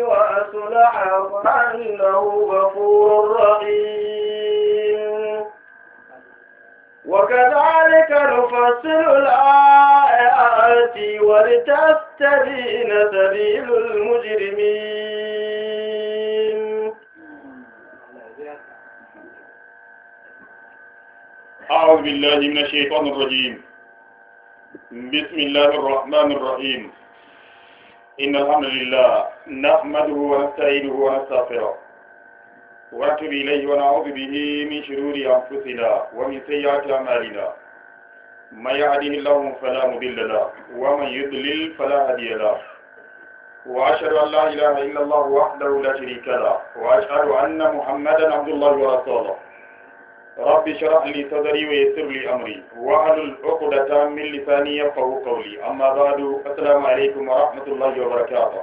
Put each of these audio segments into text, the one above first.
وأصلح فإنه غفور رحيم وكذلك نفصل الآيات ولتستبين سبيل المجرمين أعوذ بالله من الشيطان الرجيم بسم الله الرحمن الرحيم إن الحمد لله نحمده ونستعينه ونستغفره ونتوب إليه ونعوذ به من شرور أنفسنا ومن سيئات أعمالنا من يهده الله فلا مضل له ومن يضلل فلا هادي له وأشهد أن لا إله إلا الله وحده لا شريك له وأشهد أن محمدا عبد الله ورسوله رب اشرح لي صدري ويسر لي امري واحلل عقدة من لساني يفقهوا قولي اما بعد السلام عليكم ورحمة الله وبركاته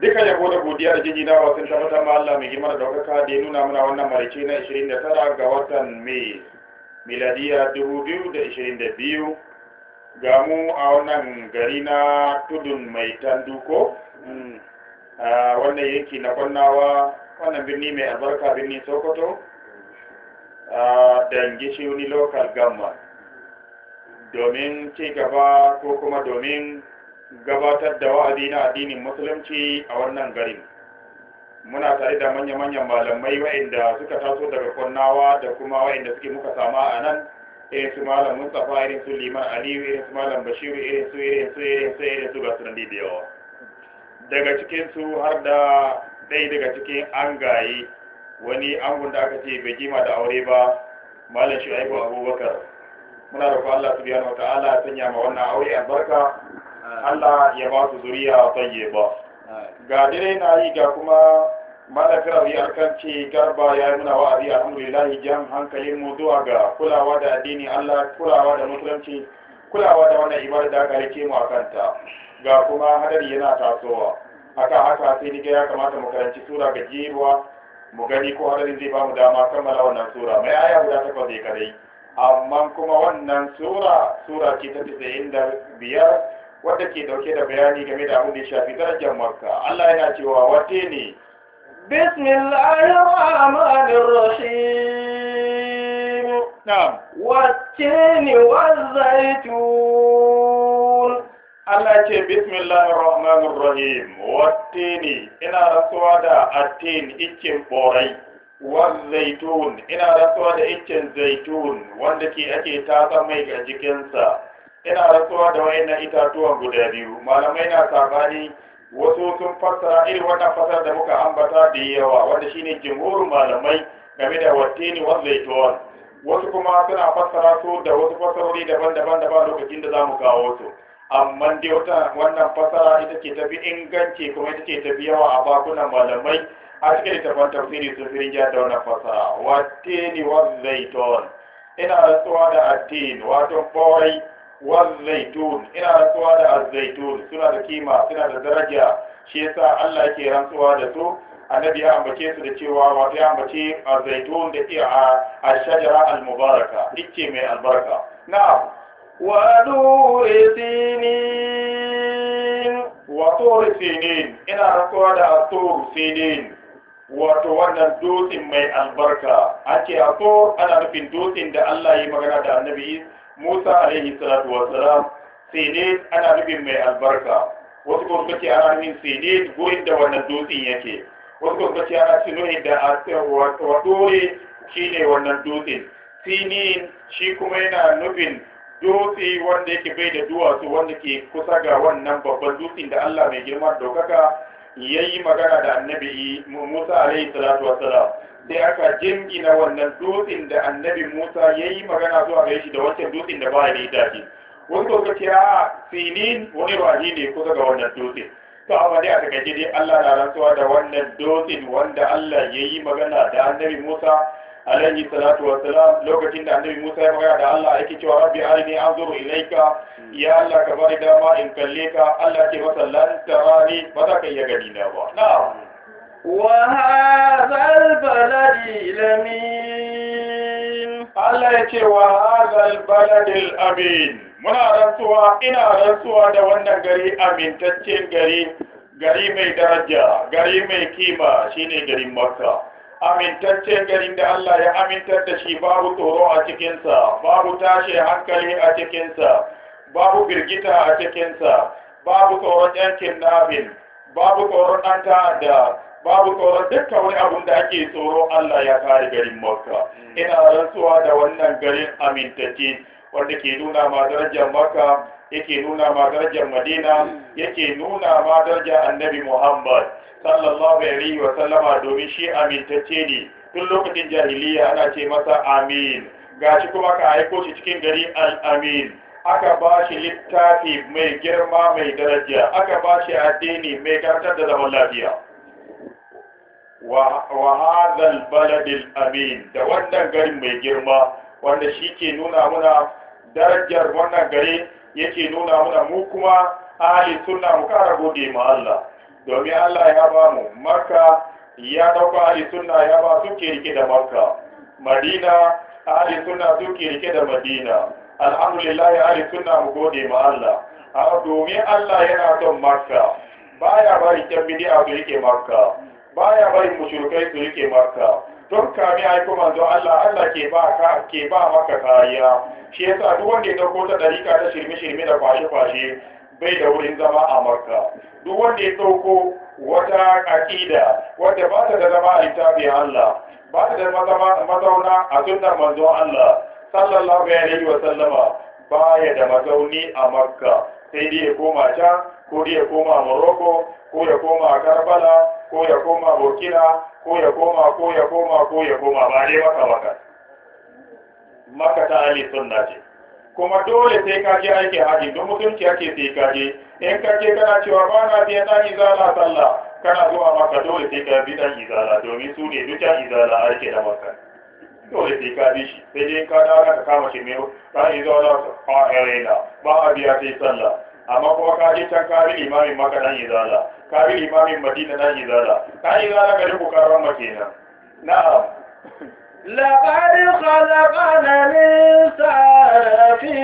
duka yabo da godiya da jinjina wa sun tabbatar ma Allah mai girma daukaka da ya nuna mana wannan marice na 29 ga watan Mai miladiya 2022 ga mu a wannan gari na tudun mai tanduko mm. wannan yanki na kwannawa wannan birni mai albarka birni Sokoto dangi shi wani lokal government domin ci gaba ko kuma domin gabatar da wa'azi na addinin musulunci a wannan garin muna tare da manya-manyan malamai wa'inda suka taso daga kwannawa da kuma wa'inda suke muka sama a nan irin su malam mustapha irin su liman aliyu irin su malam bashiru irin su irin su irin su irin su ga da yawa daga cikinsu har da ɗaya daga cikin an gayi wani angon da aka ce bai jima da aure ba malam shu'aibu abubakar muna da ku Allah subhanahu ta'ala ya sanya ma wannan aure albarka Allah ya ba su zuriya ba. ga dare na yi ga kuma malam rabi alkanci garba ya yi muna wa'azi alhamdulillah jan hankalin mu zuwa ga kulawa da addini Allah kulawa da musulunci kulawa da wannan ibada da aka rike mu akanta ga kuma hadari yana tasowa haka haka sai ni ga ya kamata mu karanci sura gajeruwa mu gani ko adadin zai ba mu dama kammala wannan sura mai aya guda takwas ne kadai amma kuma wannan sura sura ce ta tisa'in da biyar wadda ke dauke da bayani game da abin da ya shafi darajar makka allah yana cewa wate ne بسم الله الرحمن الرحيم نعم والتين والزيتون Allah ce bismillahir rahmanir rahim wattini ina rasuwa da attin ikin borai zaitun ina rasuwa da ikin zaitun wanda ke ake tasa mai ga jikinsa ina rasuwa da wayna itatuwa guda biyu malamai na sabani wasu sun fassara irin wannan fasar da muka ambata da yawa wanda shine jumhurin malamai game da wattini zaitun wasu kuma suna fassara su da wasu fassarori daban-daban da ba lokacin da zamu kawo su amma dai wata wannan fasara ita ce tafi inganci kuma ita ce tafi yawa a bakunan malamai a cikin littafin tafsiri sun fi rinja da wannan fasara wattini wa zaitun ina rasuwa da attin wato borai wa zaitun ina rasuwa da azaitun. suna da kima suna da daraja shi yasa Allah ke rantsuwa da su annabi ya ambace su da cewa wato ya ambace azaitun da a shajara al-mubaraka ce mai albarka na'am ونور سينين وطور سينين إن رسول الطور سينين wato wannan dutsen mai albarka an ce a so ana nufin dutsen da Allah ya magana da annabi Musa alaihi salatu wassalam sai ana nufin mai albarka wasu ko suka ana nufin sai gurin da wannan dutsen yake wasu ko suka ce ana nufin da a wato dore shine wannan dutsen sinin shi kuma yana nufin dutse wanda yake bai da duwatsu wanda ke kusa ga wannan babban dutsen da Allah mai girma daukaka ya yi magana da annabi Musa alaihi salatu wassalam sai aka jingina wannan dutsen da annabi Musa ya yi magana zuwa gare shi da wancan dutsen da ba ya yi itace wani lokaci a sinin wani rahi ne kusa ga wannan dutsen to amma dai a takaice dai Allah na rantsuwa da wannan dutsen wanda Allah ya yi magana da annabi Musa alaihi salatu wa salam lokacin da annabi Musa ya magana da Allah yake cewa rabbi arini anzuru ilayka ya Allah ka bari dama in kalle ka Allah ke masa lan tarani ba za ka iya gani na ba wa hadha al lamin Allah ya ce wa hadha al-balad amin muna rantsuwa ina rantsuwa da wannan gari amintaccen gari gari mai daraja gari mai kima shine garin Makka amintaccen garin da Allah ya amintar da shi babu tsoro a cikinsa babu tashi hankali a cikinsa babu girgita a cikinsa babu tsoron yankin nabin babu tsoron ɗan ta'adda babu tsoron dukkan wani abun da ake tsoro Allah ya kare garin Makka hmm. ina rantsuwa da wannan garin amintacce wanda ke nuna ma darajar Makka yake nuna ma darajar Madina hmm. yake nuna ma darajar Annabi Muhammad sallallahu alaihi wa sallama domin shi amintacce ne tun lokacin jahiliya ana ce masa amin gashi kuma ka aiko shi cikin gari al-amin aka ba shi littafi mai girma mai daraja aka ba shi addini mai karkar da zaman lafiya wa hadhal baladil amin da wannan garin mai girma wanda shi ke nuna muna darajar wannan gari yake nuna muna mu kuma ahli sunna mu kara gode ma Allah domin Allah ya ba mu makka ya dauka ahli suna ya ba suke rike da makka madina ahli suna suke rike da madina alhamdulillah ahli suna mu gode ma Allah a domin Allah yana son makka baya bari kyan a su rike makka baya bari mushrikai su rike makka don kami a yi zo Allah Allah ke ba ka ke ba maka kariya shi yasa duk wanda ya dauko ta dariƙa ta shirme shirme da kwashe kwashe bai da wurin zama a marka duk wanda ya sauko wata aƙida wadda ba ta da zama a littafin Allah ba ta da mazauna a sunan manzo Allah sallallahu alaihi wa sallama ba ya da mazauni a marka sai dai ya koma can ko dai ya koma Morocco ko ya koma Karbala ko ya koma Burkina ko ya koma ko ya koma ko ya koma ba dai maka maka maka ta ali sunna ce kuma dole sai ka je aiki haji don mutunci ake sai ka je in ka je kana cewa ba na biyan dan izala sallah kana zuwa maka dole sai ka bi dan izala domin su ne dukkan izala ake da maka dole sai ka bi shi sai dai ka dawo ka kama shi mai dan izala a arena ba a biya sai sallah amma kuma ka je can ka bi limamin maka dan izala ka bi limamin madina dan izala ka izala ka rubuta ran kenan na'am لقد خلقنا الإنسان في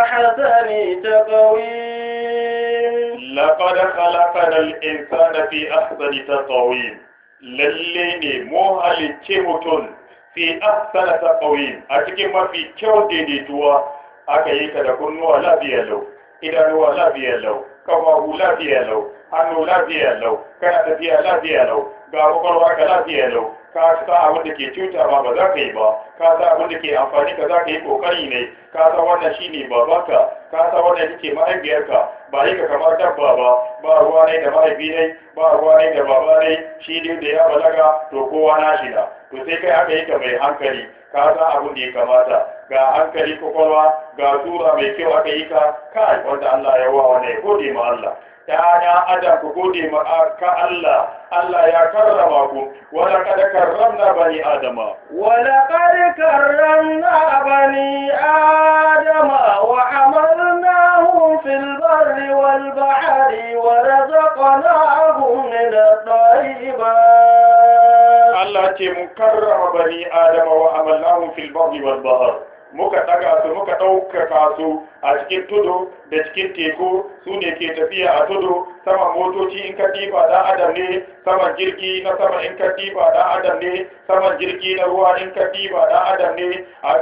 أحسن تقويم لقد خلقنا الإنسان في أحسن تقويم للين موهل تيموتون في أحسن تقويم أتكي ما في كيو دي دي توا أكي يتدكون نوع لا بيالو إذا نوع لا بيالو كما هو لا بيالو أنو لا بيالو كانت بيالا بيالو غابو كل لا بيالو ka sa abin da ke cutarwa ba za ka yi ba ka sa abin da ke amfani ka za ka yi kokari ne ka sa wannan shi ne babanka ka sa wannan yake mahaifiyarka ba yi ka kamar dabba ba ba ruwa ne da mahaifi ne ba ruwa ne da baba ne shi ne da ya balaga to kowa na shi na to sai kai aka yi ka mai hankali ka sa abin da ya kamata ga hankali kwakwalwa ga tura mai kyau aka yi ka kai wanda Allah ya wa wanda ya gode ma Allah ya ada ku gode ma ka Allah Allah ya karrama ku Wala laqad karramna bani adama Wala laqad karramna bani adama wa amalnahum fil barri wal bahri wa razaqnahum min at-tayyibat Allah ce mu karrama bani adama wa amalnahum fil barri wal bahri muka daga su muka ɗaukaka su a cikin tudu da cikin teku su ne ke tafiya a tudu saman motoci in ka diba dan adam ne saman jirgi na sama in ka diba dan adam ne saman jirgi na ruwa in ka diba dan adam ne a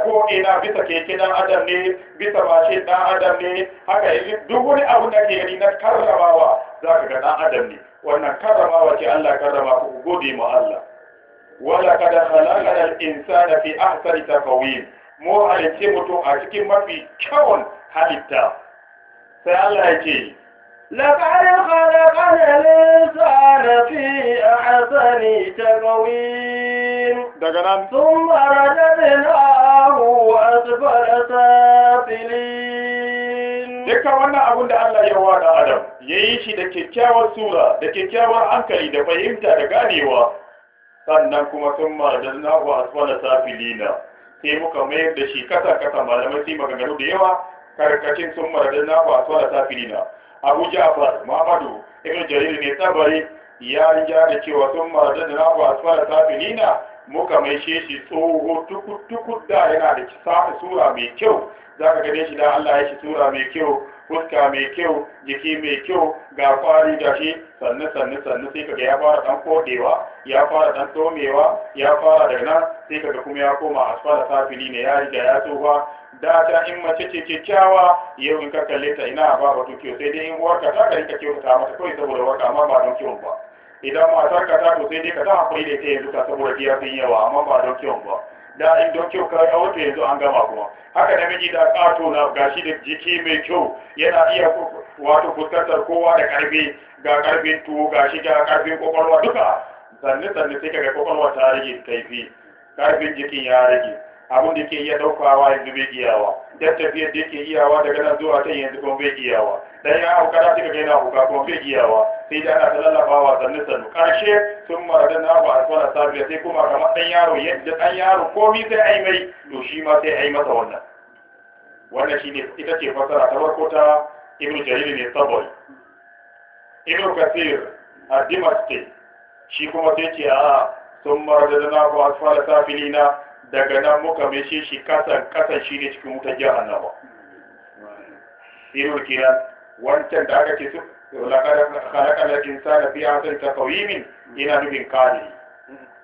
na bisa keke dan adam ne bisa mashin dan adam ne haka duk wani abu da ke gani na karramawa za ka ga dan adam ne wannan karramawa ce Allah karrama ku gode ma Allah wala kada khalaqal insana fi ahsani mu halice mutum a cikin mafi kyawun halitta sai Allah ya ce لقد خلقنا الإنسان في أحسن تقويم ثم رددناه أسفل سافلين duka wannan abin da Allah ya wada Adam ya yi shi da kyakkyawar sura da kyakkyawar hankali da fahimta da ganewa sannan kuma sun mara da nahu asfala safilina sai muka mayar da shi kasa kasa malamai sai maganganu da yawa karkashin sun maradin na ba da safiri na abu ja'far muhammadu ibn jarir ne tabari ya ja da cewa sun da na ba da da na muka mai shi tsoho tukutuku da yana da sura mai kyau za ka gane shi da allah ya shi sura mai kyau fuska mai kyau jiki mai kyau ga kwari da shi sannu sannu sannu sai kaga ya fara dan kodewa ya fara dan tomewa ya fara daga nan sai kaga kuma ya koma asfara safili ne ya riga ya tsufa da ta in mace ce kyakkyawa yau in ka kalle ta ina ba ba kyau sai dai in uwarka ta ka rinka kyautata mata kawai saboda waka amma ba don kyau ba idan matar ka ta to sai dai ka ta hakuri da ita yanzu ka saboda biya sun yawa amma ba don kyau ba da in don kyau ka aure yanzu an gama kuma haka namiji da kato na gashi da jiki mai kyau yana iya wato fuskantar kowa da karfi ga karfin tuwo gashi ga karfin kwakwalwa duka sanne sanne sai kaga kwakwalwa ta rage kaifi karfin jikin ya rage abin da ke iya daukawa yanzu bai iyawa dan tafiyar da ke iyawa daga nan zuwa ta yanzu kuma bai iyawa dan ya hauka da kaga yana hauka kuma bai iyawa sai da ana lalabawa sannu sannu karshe sun mara na ba a tsara sabiya sai kuma kamar ɗan yaro yadda ɗan yaro komai sai ai mai to shi ma sai ai masa wannan wannan shine ita ce fasara ta farko ta ibn jarir ne saboi ibn kasir a dimaske shi kuma sai ce a sun mara na ba a tsara sabilina daga nan muka mai shi shi kasan kasan shi ne cikin wutar jihar nawa. Ibn kiran wancan da aka ce khalaqal insana fi ahsani min ina nufin kare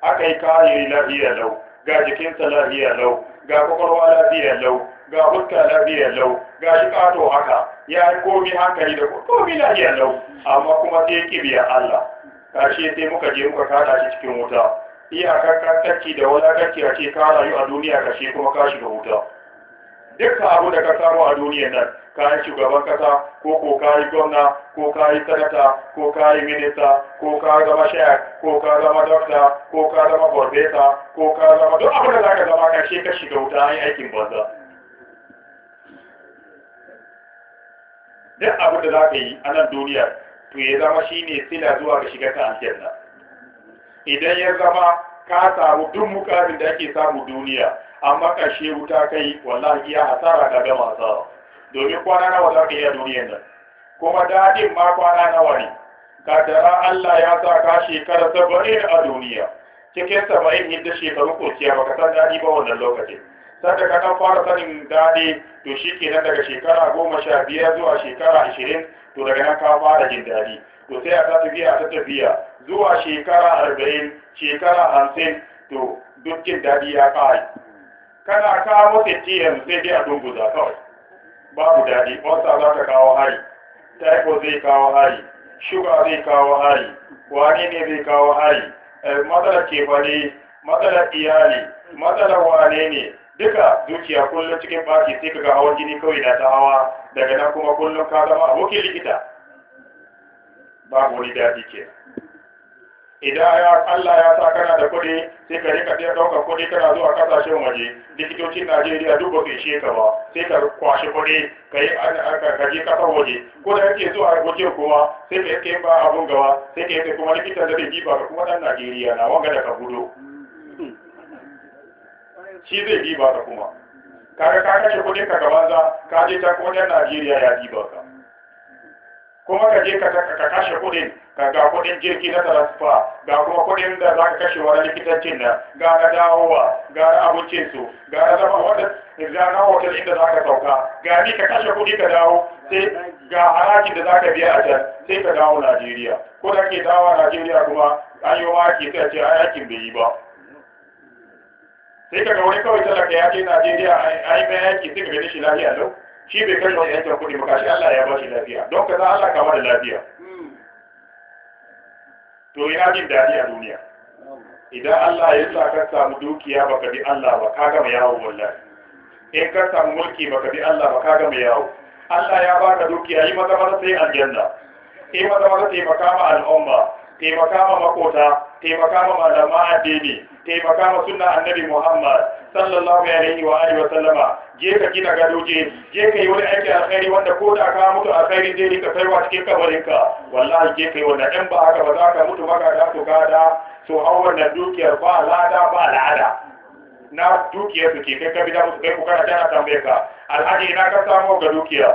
akai kare lafiya lau ga jikinsa lafiya lau ga kwakwalwa lafiya lau ga fuska lafiya lau ga shi haka ya yi komi hankali da komi lafiya lau amma kuma sai kibiya Allah Kashe sai muka je muka kada shi cikin wuta iyakar kakkaci da wadatarci a ce ka rayu a duniya kashe kuma kashi shiga wuta duk abu da ka samu a duniyar nan ka yi shugaban kasa ko ko ka yi gwamna ko ka yi sanata ko ka yi minista ko ka zama shayar ko ka zama dokta ko ka zama profesa ko ka zama duk abu da za ka zama karshe ka shiga wuta an yi aikin banza duk abu da za ka yi a nan duniyar to ya zama shi ne sila zuwa ga shiga ta aljanna idan ya zama ka samu duk mukamin da ake samu duniya amma ƙarshe wuta kai wallahi iya hasara ga gama asara domin kwana nawa za ka iya duniyar nan kuma daɗin ma kwana nawa ne kadara Allah ya sa ka shekara saba'in a duniya cikin saba'in yadda shekaru ba baka san daɗi ba wannan lokaci. sanda ka ɗan fara sanin daɗi to shi kenan daga shekara goma sha biyar zuwa shekara ashirin to daga nan ka fara jin daɗi to sai a ta tafiya ta tafiya zuwa shekara arba'in shekara hamsin to dukkin daɗi ya ƙare kana kawo tetti yanzu sai dai a dunguza kawai babu daɗi wata za ta kawo hari taiko zai kawo hari shuga zai kawo hari wane ne zai kawo hari eh, matsalar kefane matsalar iyali matsalar wane ne duka zuciya kullum cikin baki sai kaga hawan jini kawai na ta hawa daga nan kuma kullum ka zama abokin likita babu wani daɗi kenan idan ya Allah ya sa kana da kuɗi sai ka rika biyan ɗaukar kuɗi kana zuwa kasashen waje likitocin Najeriya duk ba ishe ka ba sai ka kwashi kuɗi ka yi ka je kasar waje ko da yake zuwa guje kuma sai ka yake ba abun gaba sai ka yake kuma likitan da zai diba ka kuma ɗan Najeriya na wanga da ka gudu shi zai diba ka kuma kaga ka kashe kuɗin ka gaban za ka je ta kuma ɗan Najeriya ya diba ka kuma ka je ka kashe kuɗin ka ga kuɗin jirgi na talasfa ga kuma kuɗin da za ka kashe wani likitancin da ga na dawowa ga na abincin su ga na zama wata za na hotel inda za ka sauka ga ni ka kashe kuɗi ka dawo sai ga harajin da za ka biya a can sai ka dawo najeriya ko da ke dawo najeriya kuma an yi maki ta ce a yakin bai yi ba sai ka ga wani kawai talaka ya je najeriya a yi mai yaki sai ka gani shi lafiya lau shi bai kashe wani yankin kuɗi ba kashi allah ya ba shi lafiya don ka za allah kama da lafiya to ya jin daɗi a duniya idan Allah ya sa ka samu dukiya baka bi Allah ba ka gama yawo wallahi in ka samu mulki baka bi Allah ba ka gama yawo Allah ya baka dukiya yi maza maza sai aljanna yi maza maza taimaka ma al'umma taimaka ma makota taimaka ma malama addini taimaka ma sunna annabi Muhammad sallallahu alaihi wa alihi wa sallama je ka gina gado je ka yi wani aiki alkhairi wanda ko da ka mutu alkhairi zai rika kaiwa cikin kabarin ka wallahi je ka yi wanda in ba haka ba za ka mutu ba da su gada so hau wannan dukiyar ba lada ba lada na dukiyar su ke kai ka bida musu kai ku kana tana tambaye ka alhaji ina ka samu ga dukiya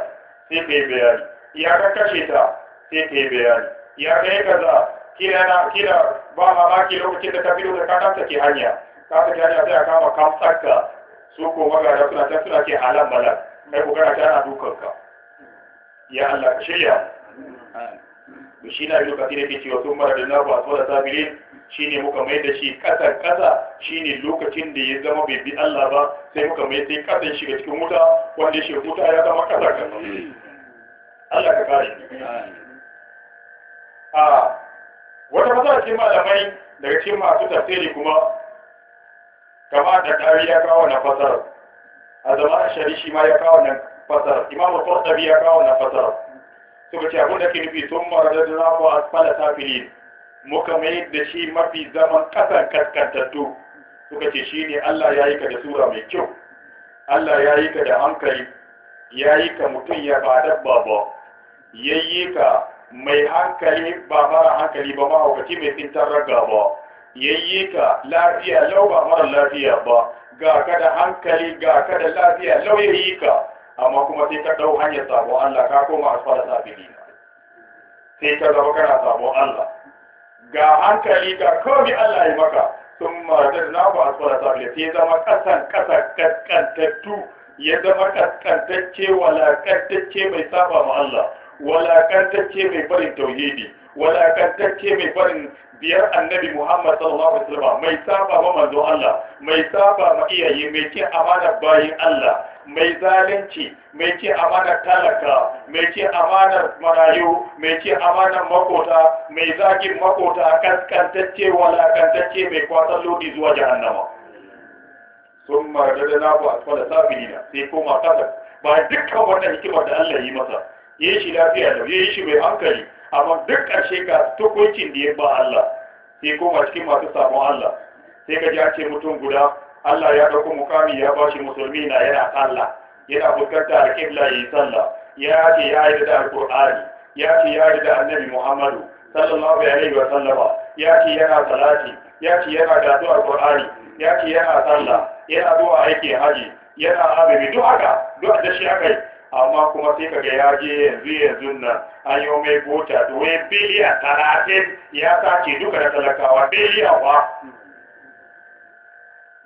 sai ka bayani ya ka kashe ta sai ka bayani ya kai kaza kila na kila ba mamaki lokacin da ta biyo da ka kasa ke hanya ka ta hanya sai a kama kamsarka su ko magana suna ta suna ke halan balan kai kokara ta na dukanka ya Allah shirya shi na lokacin da ke cewa sun mara da na ba da sabilin shi ne muka mai da shi ƙasa ƙasa shi ne lokacin da ya zama bai bi Allah ba sai muka mai sai shi shiga cikin wuta wanda shi wuta ya zama ƙasa ƙasa Allah ka kare a wata kusa ce malamai daga cikin masu tafsiri kuma kama da Kari ya kawo na fasar a zama shari shi ma ya kawo na fasar imamu kwasabi ya kawo na fasar suka ce abin da ke nufi sun marar da zafi a asfala tafili muka mai da shi mafi zaman kasan kaskantattu suka ce shi ne Allah ya yi ka da sura mai kyau Allah ya yi ka da hankali ya yi ka mutum ya ba dabba ba ya yi ka mai hankali ba mara hankali ba mahaukaci mai fintar raga ba yayi ka lafiya lau ba mara lafiya ba ga ka da hankali ga ka da lafiya lau yayi ka amma kuma sai ka dau hanyar sabo Allah ka koma asfala sabili sai ka zama kana sabo Allah ga hankali ga komi Allah ya maka sun matar na ku asfala sabili sai zama kasan kasa kaskantattu ya zama kaskantacce kaskantacce mai saba ma Allah walakantacce mai barin tauhidi walakantacce mai barin biyar annabi Muhammad sallallahu alaihi wasallam mai saba ma manzo Allah mai saba ma iyaye mai ce amana bayin Allah mai zalunci mai ce amana talaka mai ce amana marayu mai ce amana makota mai zagin makota kaskantacce walakantacce mai kwatar lodi zuwa jahannama sun maradada na ku asfala sabilina sai koma kasa ba dukkan wannan hikimar da Allah yi masa ya yi shi lafiya da ya yi shi mai hankali amma duk ƙarshe ka tukuncin da ya ba Allah sai koma cikin masu sabon Allah sai ka ji an ce mutum guda Allah ya ɗauko mukami ya ba shi musulmi na yana sallah yana fuskanta da kibla yi sallah ya ce ya yi da alƙur'ani ya ce ya yi da annabi Muhammadu sallallahu alaihi wa sallama ya ce yana salati ya ce yana da zuwa alƙur'ani ya ce yana sallah yana zuwa aikin haji yana azumi duk haka duk da shi aka yi amma kuma sai kaga ya je yanzu yanzu na an yi mai bota da wai biliya talatin ya sace duka da talakawa biliya ba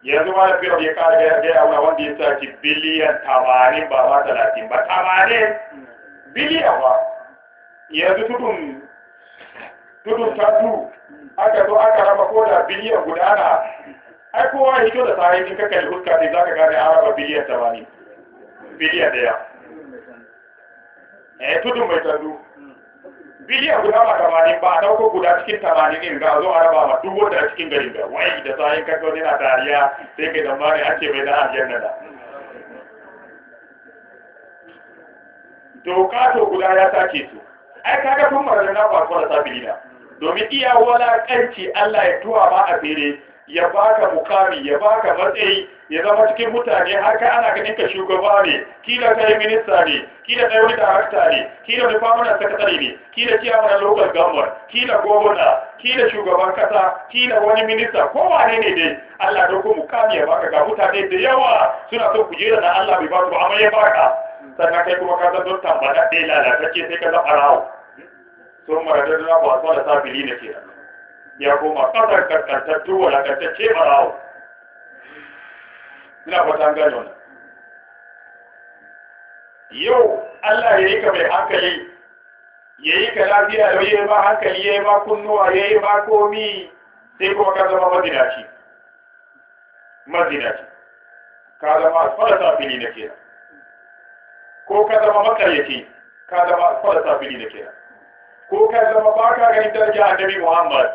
yanzu ma da fiye ya kara gaya ya Allah wanda ya sace biliyan tamanin ba ma talatin ba tamanin biliya ba yanzu tudun tudun tatu aka zo aka raba ko da biliyan gudana ai kowa ya hito da sahihin kakkali huska sai ka gane an raba biliyan tamanin biliyan daya eh tudun mai tadu biliya guda ba tamanin ba a dauko guda cikin tamanin din ga zo a raba ma duk wanda cikin garin ga wai da sayin kakau yana dariya sai kai zamani an ce mai da aljanna da doka to guda ya sake su ai kaga tun marar na kwakwara sabilina domin iya walakanci Allah ya tuwa ba a fere ya baka mukami ya baka matsayi ya zama cikin mutane har kai ana ganin ka shugaba ne kila kai minista ne kila kai wani darakta ne kila da famana sakatare ne kila ciyawa local government kila gwamna kila shugaban kasa kila wani minista ko wane ne dai Allah da ku mukami ya baka ga mutane da yawa suna son ku da Allah bai ba su amma ya baka sannan kai kuma ka san don tambada dai lalatacce sai ka zama rawo sun mara na ba su da sabili ne ke ya koma kasar kaskantattu walakantacce barawo ina fata gane wannan yau Allah ya yi ka mai hankali ya yi ka lafiya ya yi ba hankali ya yi ba kunnuwa ya yi ba komi sai kuma ka zama mazinaci mazinaci ka zama asfarata fili na kenan ko ka zama makaryaci ka zama asfarata fili na kenan ko ka zama baka ganin daraja annabi Muhammad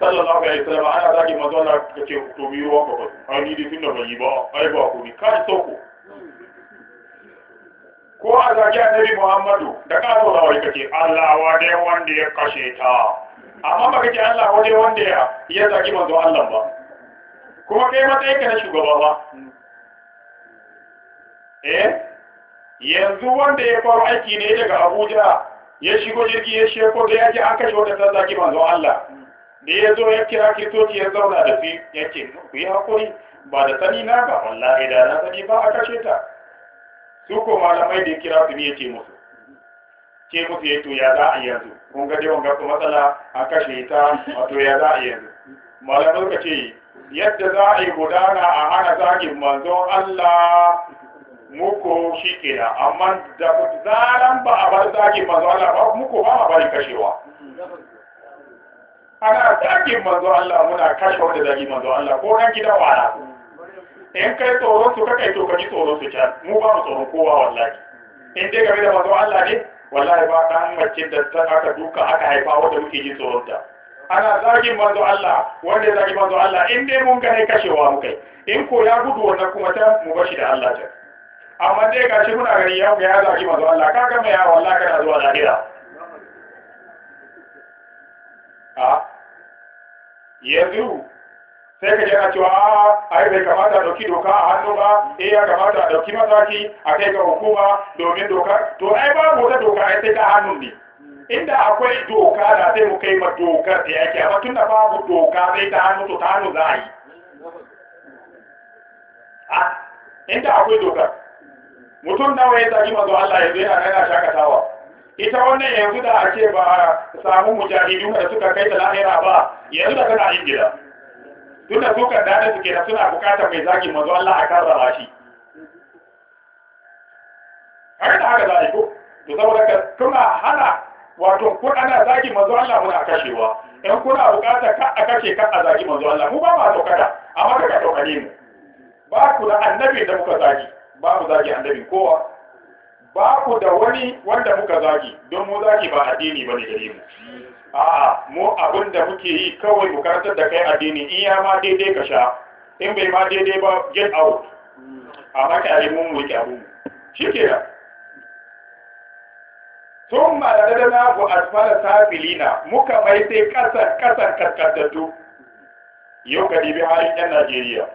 sallallahu alaihi wasallam ana zagi manzo Allah kace to mi ruwa ka ba ni dai tunda ban yi ba ai ba ku ni kai sauko ko a zagi annabi Muhammadu da ka zo da wai kace Allah wa dai wanda ya kashe ta amma ba kace Allah wa dai wanda ya ya zagi manzo Allah ba kuma kai mata ka na shugaba ba eh yanzu wanda ya faru aiki ne daga Abuja ya shigo jirgi ya sheko da ya ji an kashe wata ta zagi manzo Allah da ya zo ya kira toki ya zauna da fi yake ku yi haƙuri ba da sani na ba wallahi da na sani ba a kashe ta su ko malamai da ya kira su ne ya ce musu ce musu ya to ya za a yanzu kun ga wanga ku matsala a kashe ta wato ya za a yanzu malamai suka ce yadda za a yi gudana a hana zagin manzon Allah muku shi kenan amma da zaran ba a bar zagin manzon Allah ba muku ba a bari kashewa ana zagin manzo Allah muna kashe wanda zagin manzo Allah ko ran gida wara in kai tsoron su kakai to kaji tsoron su can mu ba mu tsoron kowa wallahi in dai game da manzo Allah ne wallahi ba dan mace da ta aka duka aka haifa wanda muke ji tsoron ta ana zagin manzo Allah wanda zagin manzo Allah in dai mun ga kashewa mu kai in ko ya gudu wannan kuma ta mu bashi da Allah ta amma dai gashi muna gani ya ga ya zagi manzo Allah kaga mai ya wallahi kana zuwa lahira yanzu sai ka jana cewa a ah, ai bai kamata a doka a hannu ba eh ya kamata a ɗauki mataki a kai ga hukuma domin doka to ai babu wata doka ai sai ta hannun ne inda akwai doka da sai mu kai ma dokar da yake amma tunda babu doka sai ta hannu to ta hannu za a yi inda akwai dokar mutum nawa ya zagi mazo Allah ya yanzu yana yana shakatawa ita wannan yanzu da ake ba a samu mujahidu da suka kai da lahira ba yanzu da kana yin gida tun da sukan dada suke da suna bukatar mai zaki mazu Allah a karrara shi haka da haka za a yi ko to saboda ka kuna hana wato ko ana zaki mazu Allah muna kashewa in kuna bukatar ka a kashe ka a zaki mazu Allah mu ba ma saukata amma ka ka saukane mu ba ku da annabi da muka zaki ba mu zaki annabi kowa ba ku da wani wanda muka zagi don mu zagi ba addini ba ne gare mu a'a mu abin da muke yi kawai bukatar da kai addini in ya ma daidai ka sha in bai ma daidai ba get out a maka yi mun wuce abu shi ke da da dada na bu asfala safilina muka mai sai kasan kasan kaskantattu yau ka dibi halin yan najeriya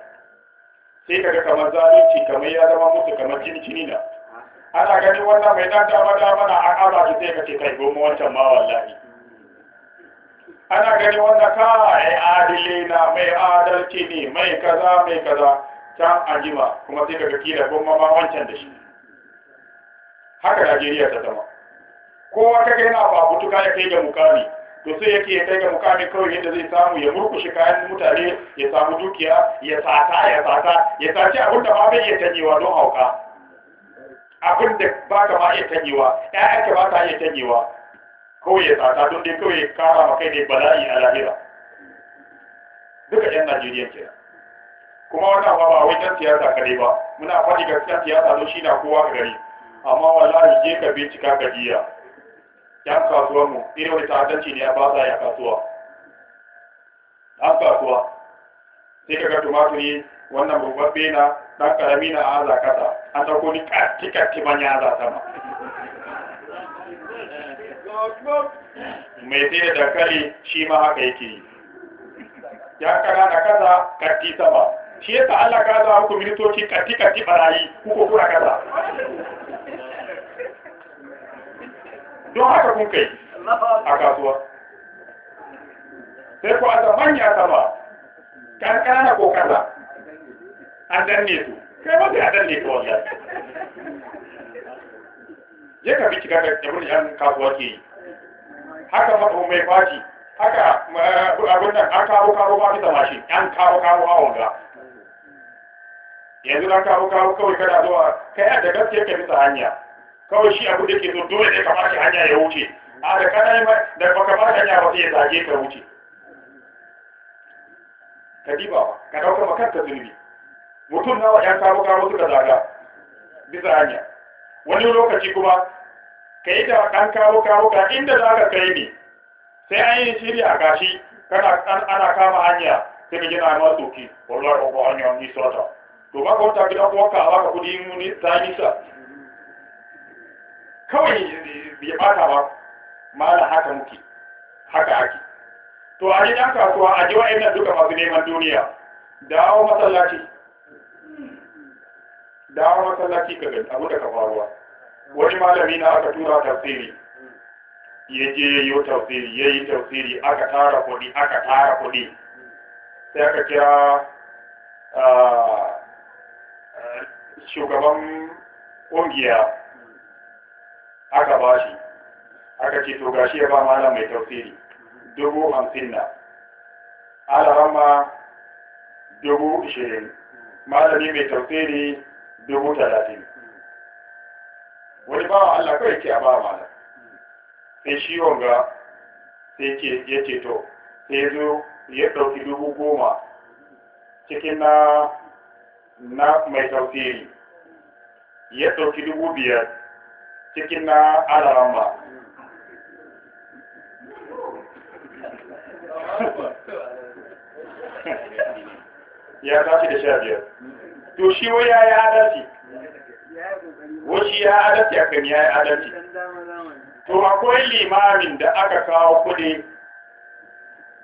sai kaga kamar zalunci kamar ya zama musu kamar jini na ana ganin wannan mai dan dama dama na an sai ka ce kai goma wancan ma wallahi ana ganin wannan kai adili na mai adalci ne mai kaza mai kaza can jima, kuma sai kaga kila goma ma wancan da shi haka Najeriya ta zama kowa kaga yana fafutuka ya kai ga mukami to sai yake ya kai ga mukami kawai yadda zai samu ya murkushe kayan mutane ya samu dukiya ya sata ya sata ya sace abin da ma bai iya tanyewa don hauka abin da ba ka ma iya tanyewa ɗaya ka ba ka iya tanyewa kawai ya tsata don dai kawai kara ma kai ne bala'i a lahira duka yan najeriya ke. kuma wannan ba ba wai yan siyasa ka ba muna faɗi gaskiya siyasa don shi na kowa ka gari amma wallahi je ka bincika ka jiya yan kasuwar mu irin wani ta'addanci ne ya ba a yi kasuwa an kasuwa sai ka ga tumaturi wannan babban na dan karami na aza kasa an dauko ni katti katti ban ya aza sama mai sai da dankali shi ma haka yake yi ya kanana kasa katti sama shi yasa Allah ka zo ku minitoci katti katti barayi kuko kura kasa don haka kun kai a kasuwa sai ku aza manya sama kankana ko kasa an danne su kai ma sai a danne ka wallahi ya ka bincika da jami'in yan kasuwa ke yi haka mafi mai faci haka a nan an karo karo ba fi tamashi an karo karo a wanga yanzu an karo karo kawai kada zuwa kai da gaske ka bisa hanya kawai shi abu da ke so dole ne ka bashi hanya ya wuce a da kana yi da baka bashi hanya ba sai ya zage ka wuce ka diba ka dauka makarta zunubi mutum wa ‘yan karo wasu da zaga bisa hanya wani lokaci kuma ka yi da ɗan kawo kawo ka inda za ka kai ne sai an yi shiri a gashi kana ana kama hanya sai ka gina ma soki wallahi ko hanya wani sota to ba ka wata gidan kuma ka baka kudi muni ta nisa kawai ya bata ba mala haka muke haka ake to a yi ɗan kasuwa a ji wa'in duka masu neman duniya dawo masallaci Da dawo masallaci ka gani abu da ka faruwa wani malami na aka tura tafsiri ya je ya yi tafsiri ya yi tafsiri aka tara kuɗi aka tara kuɗi sai aka kira shugaban ƙungiya aka ba shi aka ce to gashi ya ba malam mai tafsiri dubu hamsin na alarama dubu ishirin malami mai tafsiri dubu talatin wani bawa Allah kawai ke a ba mana sai shi wanga sai ce ya ce to sai zo ya ɗauki dubu goma cikin na na mai tausiri ya ɗauki dubu biyar cikin na alaramba ya tashi da sha biyar to shi wai ya yi adalci wani ya adalci a kan ya yi adalci to akwai limamin da aka kawo kudi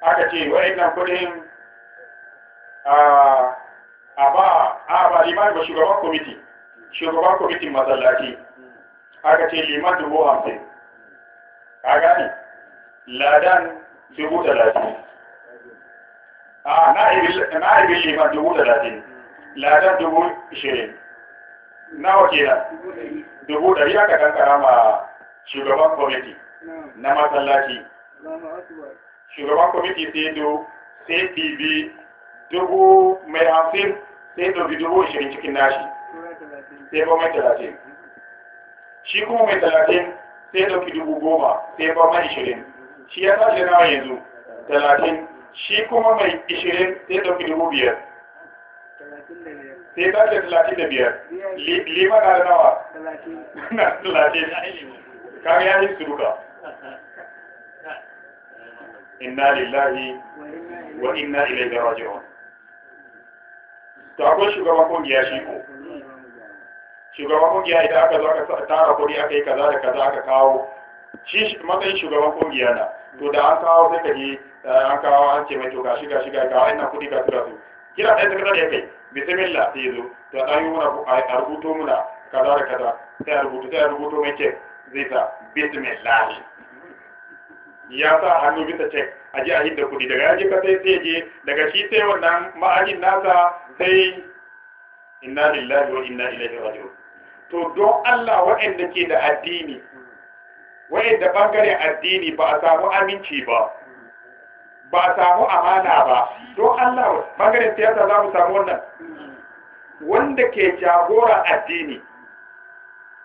aka ce wai nan kudin a ba a ba limamin ba shugaban kwamiti shugaban kwamitin masallaci aka ce liman dubu hamsin a gani ladan dubu talatin a ibi liman dubu talatin ladan dubu ishirin nawa kenan dubu dari aka kankara ma shugaban kwamiti na masallaci shugaban kwamiti sai do sai dubu mai hamsin sai ɗauki dubu ishirin cikin nashi sai ba mai talatin shi kuma mai talatin sai dauki dubu goma sai ba mai ishirin shi ya tashi nawa yanzu talatin shi kuma mai ishirin sai dauki dubu biyar sai ta ce talatin da biyar lima na nawa na talatin kan ya suruka inna lillahi wa inna ilaihi raji'un to akwai shugaban kungiya shi ko shugaban kungiya idan aka zo aka tara kuɗi aka yi kaza da kaza aka kawo shi matsayin shugaban kungiya na to da an kawo sai ka je eh, an kawo an ce mai to gashi gashi ga kawo ina kuɗi ga su kira ɗaya sakatare ya kai bismillah sai zo to an yi mana a rubuto muna kaza da kaza sai a rubuto sai a rubuto mai cek zai sa bismillah ya sa hannu bisa cek a ji a hidda kudi daga yaji ka sai sai je daga shi sai wannan ma'ajin nasa sai inna lillahi wa inna ilaihi raji'un to don Allah waɗanda ke da addini waɗanda bangaren addini ba a samu aminci ba ba a samu amana ba don Allah maganin siyasa za mu samu wannan wanda ke jagora addini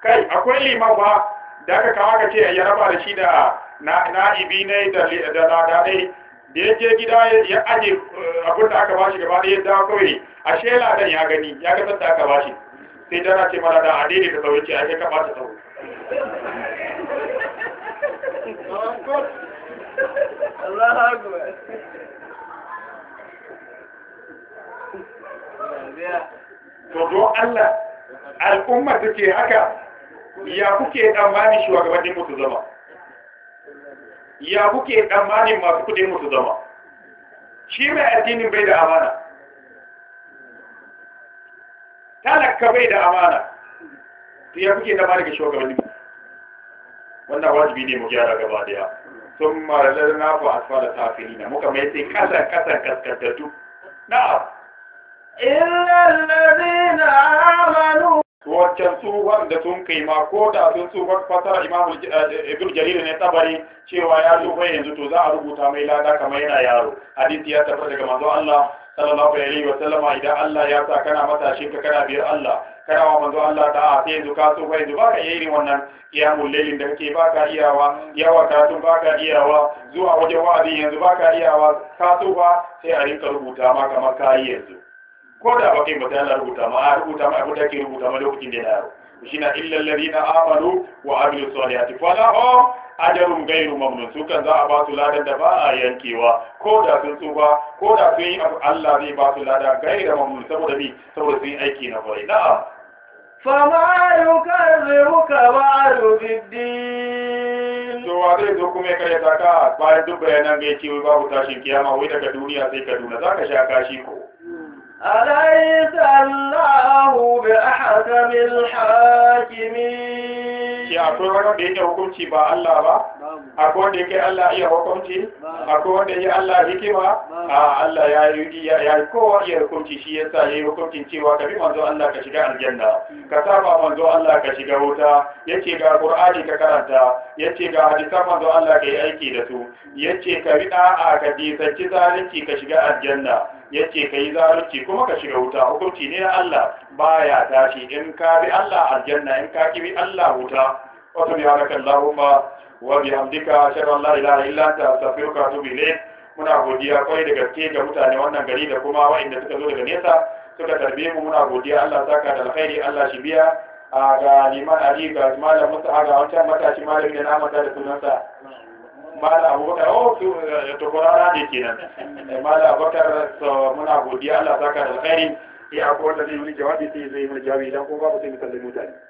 kai akwai liman ba da aka kama ka ce ya raba da shi da na'ibi na da ladanai da ya je gida ya aje eh, abin da aka bashi gaba ɗaya da kawai a shela dan ya gani ya ga da aka bashi sai dana ce mara da adini da sauye ce ake kaba ta Allah akbar to don Allah al'umma ke haka ya kuke tsammanin shugabannin mutu zama ya kuke tsammanin masu kudin mutu zama shi mai addinin bai da amana talaka bai da amana to ya kuke tsammanin ga shugabannin wannan wajibi ne mu gyara gaba daya sun marar na ku asfala safili da muka mai sai kasa kasa kaskantattu na'am إلا waccan tsufan da sun kai ma ko da sun tsohuwar fasara imam eh, eh, ibn jarir ne tabari cewa ya tsufa yanzu to za a rubuta mai lada kamar yana yaro hadisi ya tabbata daga manzo Allah sallallahu alaihi wa sallama idan Allah ya sa kana matashin ka kana biyar Allah kana wa manzo Allah ta a sai yanzu ka tsufa yanzu ba ka irin wannan qiyamul lailin da kake ba ka iyawa yawa ka tun ba ka iyawa zuwa wajen wa'azi yanzu ba ka iyawa ka tsufa sai a rinka rubuta ma kamar ka yi yanzu ko da ba kai ba sai rubuta ma a rubuta ma a da ke rubuta ma lokacin da ya yaro shi na illal ladina amanu wa amilu salihati fala o ajarun gairu mamnun su kan za a ba su ladan da ba a yankewa ko da sun tsufa ko da sun yi Allah zai ba su lada gairu mamnun saboda bi saboda sun yi aiki na kwarai na'am فما يكذبك بعد بالدين to wa zai zo kuma ya karyata ka bayan duk bayanan da ya ce babu tashin kiyama wai daga duniya sai kaduna ka sha kashi ko أليس الله بأحكم الحاكمين ya akwai wanda yake hukunci ba Allah ba akwai wanda yake Allah iya hukunci akwai wanda yake Allah hikima a Allah ya yi ya kowa iya hukunci shi yasa yayi hukuncin cewa ka bi Allah ka shiga aljanna ka saba manzo Allah ka shiga wuta yace ga Qur'ani ka karanta yace ga hadisan manzo Allah ka yi aiki da su yace ka bi da'a ka disanci ka shiga aljanna ka kai zalunci kuma ka shiga wuta hukunci ne na Allah baya tashi in ka bi Allah aljanna in ka kibi Allah wuta wa subhanaka allahumma wa bihamdika ashhadu an la illa anta astaghfiruka wa muna godiya kai da gaske ga mutane wannan gari da kuma wa'inda suka zo daga nesa suka tarbe mu muna godiya Allah saka da alkhairi Allah shi biya a ga liman ali ga malam musa ga wancan matashi malamin da na mata da sunansa mala abubakar oh to korana eh, ne kenan eh, mala abubakar so muna godiya Allah saka da alkhairi ya ko da zai yi jawabi sai zai mu jawabi dan ko babu sai mu sallame mutane